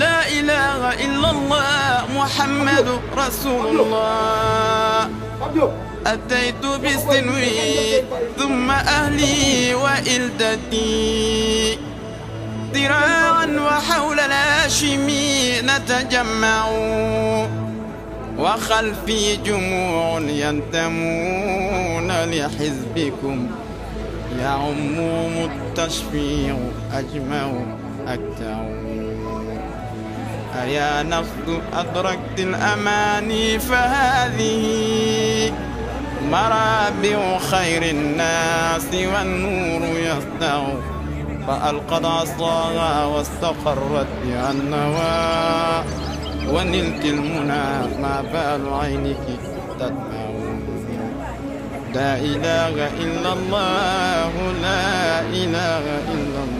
لا إله إلا الله محمد رسول الله أتيت بالسنوي ثم أهلي وإلدتي ذراعا وحول الهاشمي نتجمع وخلفي جموع ينتمون لحزبكم يعم التشفيع أجمع أكتعون أيا نفس أدركت الأماني فهذه مرابع خير الناس والنور يسطع فألقد عصاها واستقرت بأنها ونلت المنى ما بال عينك تدمع لا إله إلا الله لا إله إلا الله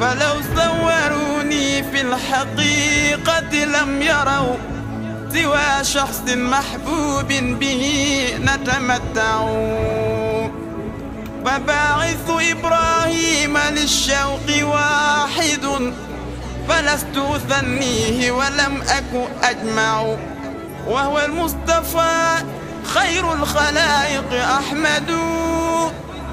فلو صوروني في الحقيقة لم يروا سوى شخص محبوب به نتمتع فباعث إبراهيم للشوق واحد فلست أثنيه ولم أك أجمع وهو المصطفى خير الخلائق أحمد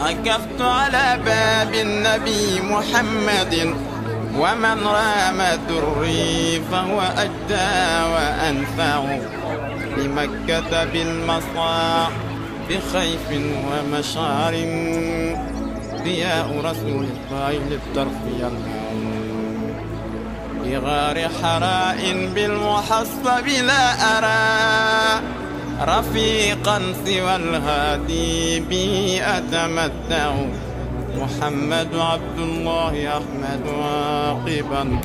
عكفت على باب النبي محمد ومن رام دري فهو أجدى وأنفع لمكة بالمصاع بخيف ومشعر ضياء رسول الله للطرف يرمون بغار حراء بالمحصب لا أرى رفيقا سوى الهادي بي أتمتع محمد عبد الله أحمد واقبا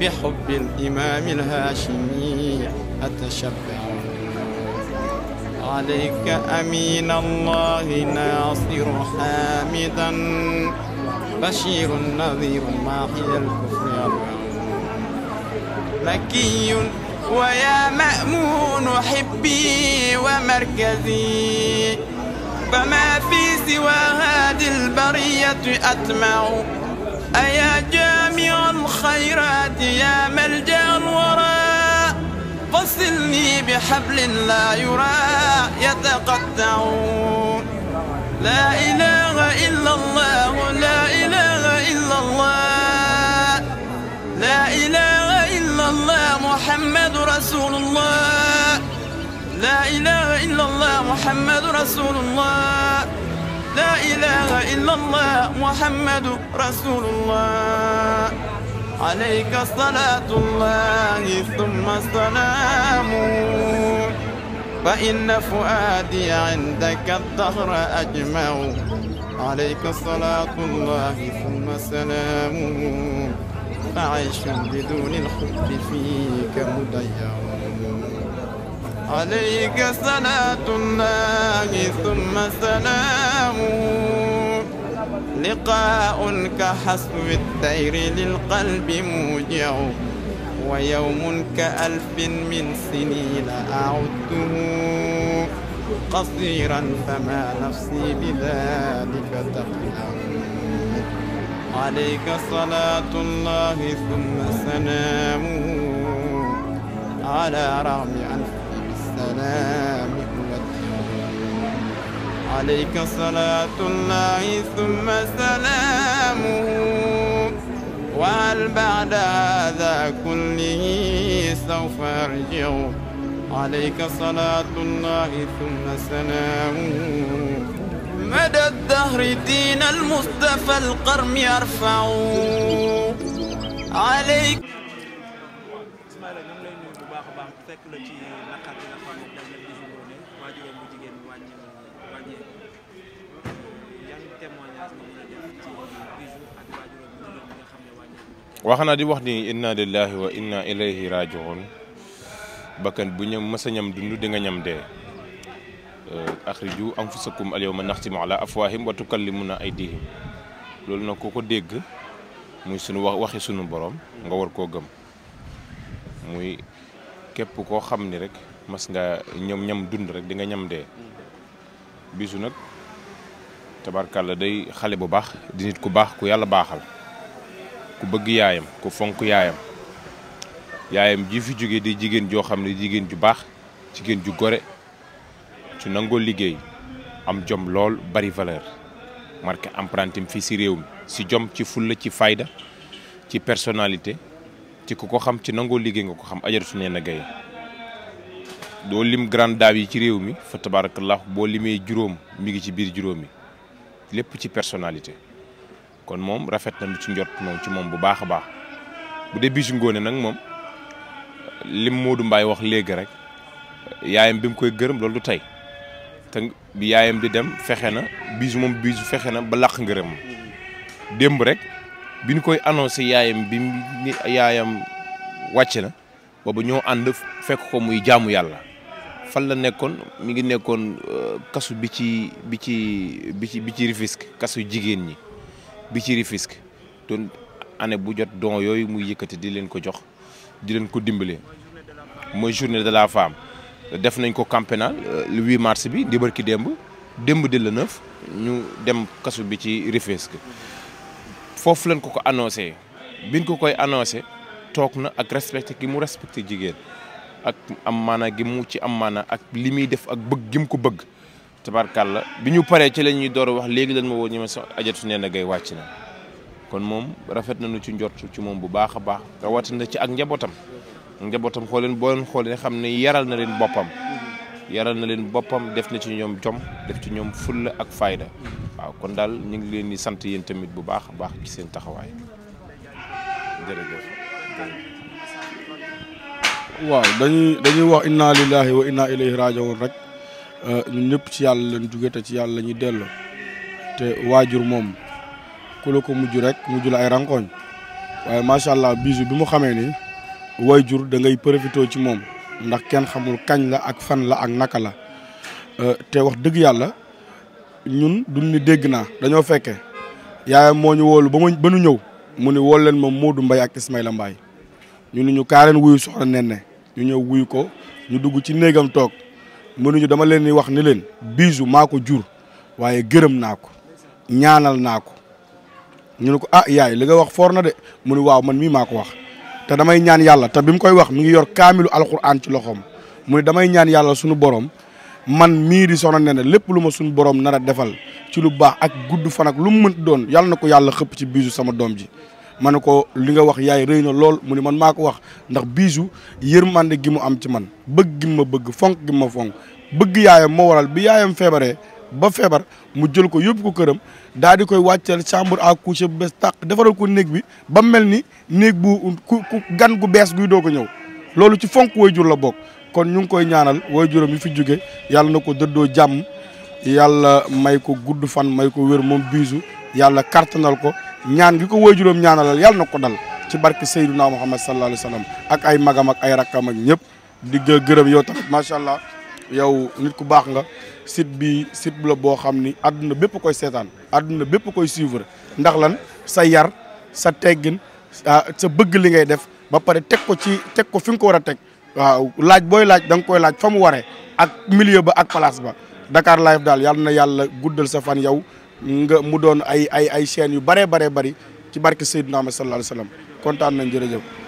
بحب الإمام الهاشمي أتشبع عليك أمين الله ناصر حامدا بشير نذير ماحي الكفر مكي ويا مأمون حبي ومركزي فما في سوى هذه البرية أطمع أيا جامع الخيرات يا ملجأ الورى فصلني بحبل لا يرى يتقطع لا إله إلا الله لا إله إلا الله لا إله الله محمد رسول الله لا إله إلا الله محمد رسول الله لا إله إلا الله محمد رسول الله عليك صلاة الله ثم السلام فإن فؤادي عندك الدهر أجمع عليك صلاة الله ثم سلامه فعيش بدون الحب فيك مضيع عليك صلاة الله ثم سلامه لقاء كحسب الدير للقلب موجع ويوم كألف من سنين أعده قصيرا فما نفسي بذلك تقلع عليك صلاة الله ثم سلامه على رغم أنفه بالسلام عليك صلاة الله ثم سلامه وهل بعد هذا كله سوف أرجع عليك صلاة الله ثم سلامه مدى الدهر دين المصطفى القرم يرفع عليك wax naa di wax ni inna lillahi wa inna ilayhi rajiun bakkan bu ñam mës a ñam dund di ñam dee sa euh, axriju anfusakum alyawma naxtimu ala afwaahim wa ay aydihim loolu na ko ko dégg muy sunu wax waxi sunu borom nga war koo gëm muy képp koo xam ni rek mas nga ñam ñam dund rek di nga ñam dee bisu nag tabarkàlla day xale bu baax di nit ku baax ku yàlla baaxal ku bëgg yaayam ku fonk yaayam yaayam ji fi jóge di jigéen joo xam ne jigéen ju baax jigéen ju gore nangoo liggéey am jom lool bari valeur marqué empreinte fii si réew mi si jom ci fulla ci fayda ci personnalité ci ku ko xam ci nangoo liggéey nga ko xam ajaratu nee na gaye doo lim grande daaw yi ci réew mi fa tabarakallah boo limee juróom mi ngi ci biir juróom yi lépp ci personnalité kon moom rafet na lu ci njort moom ci moom bu baax a baax bu dee Bijou Ngoné nag moom lim Modou Mbaye wax léegi rek yaayam bi mu koy gërëm loolu du tey bi yaayam di dem fexe na bisu moom bisu fexe na ba làq ngërëm démb rek bi ñu koy annoncé yaayam bi yaayam wàcc na boobu ñoo ànd fekk ko muy jaamu yàlla fan la nekkoon mu ngi nekkoon euh, kasu bi ci bi ci bi ci bi ci Rufisque kasu jigéen ñi bi ci Rufisque doon année bu jot don yooyu muy yëkkati di leen ko jox di leen ko dimbale mooy journée de la femme def nañ ko camp pénal euh, lu 8 mars bi di ki démb démb di la 9 ñu dem kasu bi ci Rufisque foofu lañ ko ko annoncé biñ ko koy annoncé toog na ak respecté gi mu respecté jigéen ak am maana gi mu ci am maana ak li muy def ak bëgg gi mu ko bëgg la bi ñu paree ci la ñuy door wax léegi lan ma woo ñu ma sa ajatu nee na gay wàcc na kon moom rafet nañu ci njort ci moom bu baax a baax na ci ak njabootam njabootam xoo leen boo leen xoolee xam ne yaral na leen boppam yaral na leen boppam def na ci ñoom jom def ci ñoom fulla ak fayda waaw kon daal ñu ngi leen di sant yéen tamit bu baax a baax ci seen taxawaay jërëjëf waaw dañuy wax inna lillahi wa inna ilayhi rajiun rek euh, ñun ñëpp ci yàlla lañ jóge te ci yàlla la ñuy delloo te waajur moom ku la ko mujj rek mujj la ay rankoñ waaye macha allah bisu bi mu xamee ni waajur da ngay profité ci moom ndax kenn xamul kañ la ak fan la ak naka la euh, te wax dëgg yàlla ñun duñ dégg naa dañoo fekke yaayam moo ñu woolu ba ma ba ñëw mu ni wol leen ma Modou mbay ak Ismaïla Mbaye ñu ni ñu kaa leen wuyu soxna Nene ñu ñëw wuyu ko ñu dugg ci néegam toog mu ni ñu dama leen di wax ni leen biisu maa ko jur waaye gërëm naa ko ñaanal naa ko ñu nu ko ah yaay li nga wax foor na de mu ni waaw man mii maa ko wax te damay ñaan yàlla te bi mu koy wax mi ngi yor kaamilu alquran ci loxoom mu ne damay ñaan yàlla suñu borom man mii di soxna Ndéné lépp lu ma suñu borom nara defal ci lu baax ak gudd fan ak lu mu mënti doon yàlla na ko yàlla xëpp ci biisu sama doom ji. ma ne ko li nga wax yaay rëy na lool mu ne man maa ko wax ndax biisu yërmande gi mu am ci man bëgg gi ma bëgg fonk gi ma fonk bëgg yaayam ma waral bi yaayam feebaree ba feebar mu jël ko yóbbu ko këram daal di koy wàcceel chambre à coucher bu bees tàq defaral ko néeg bi ba mel ni néeg bu ku gan gu bees guy doo ko ñëw loolu ci fonk waajur la bokk kon ñu ngi koy ñaanal waajuram yi fi jóge yàlla na ko dëddoo jàmm yàlla may ko gudd fan may ko wér moom biisu yàlla kartanal ko ñaan gi ko waajuram ñaanalal yàlla na ko dal ci barke Seydina Muhammad sallallahu alayhi wa sallam ak ay magam ak ay rakkam ak ñëpp di gërëm yow tamit macha allah yow nit ku baax nga site bi site la boo xam ni àdduna bépp koy seetaan àdduna bépp koy suivre ndax lan sa yar sa teggin sa bëgg li ngay def ba pare teg ko ci teg ko fi nga ko war a teg waaw laaj booy laaj da nga koy laaj fa mu waree ak milieu ba ak place ba Dakar live daal yàlla na yàlla guddal sa fan yow nga mu doon ay ay ay chaînes yu bëree baree bari ci barke Seydina naa ma alayhi wa sallam kontaan nañ jërëjëf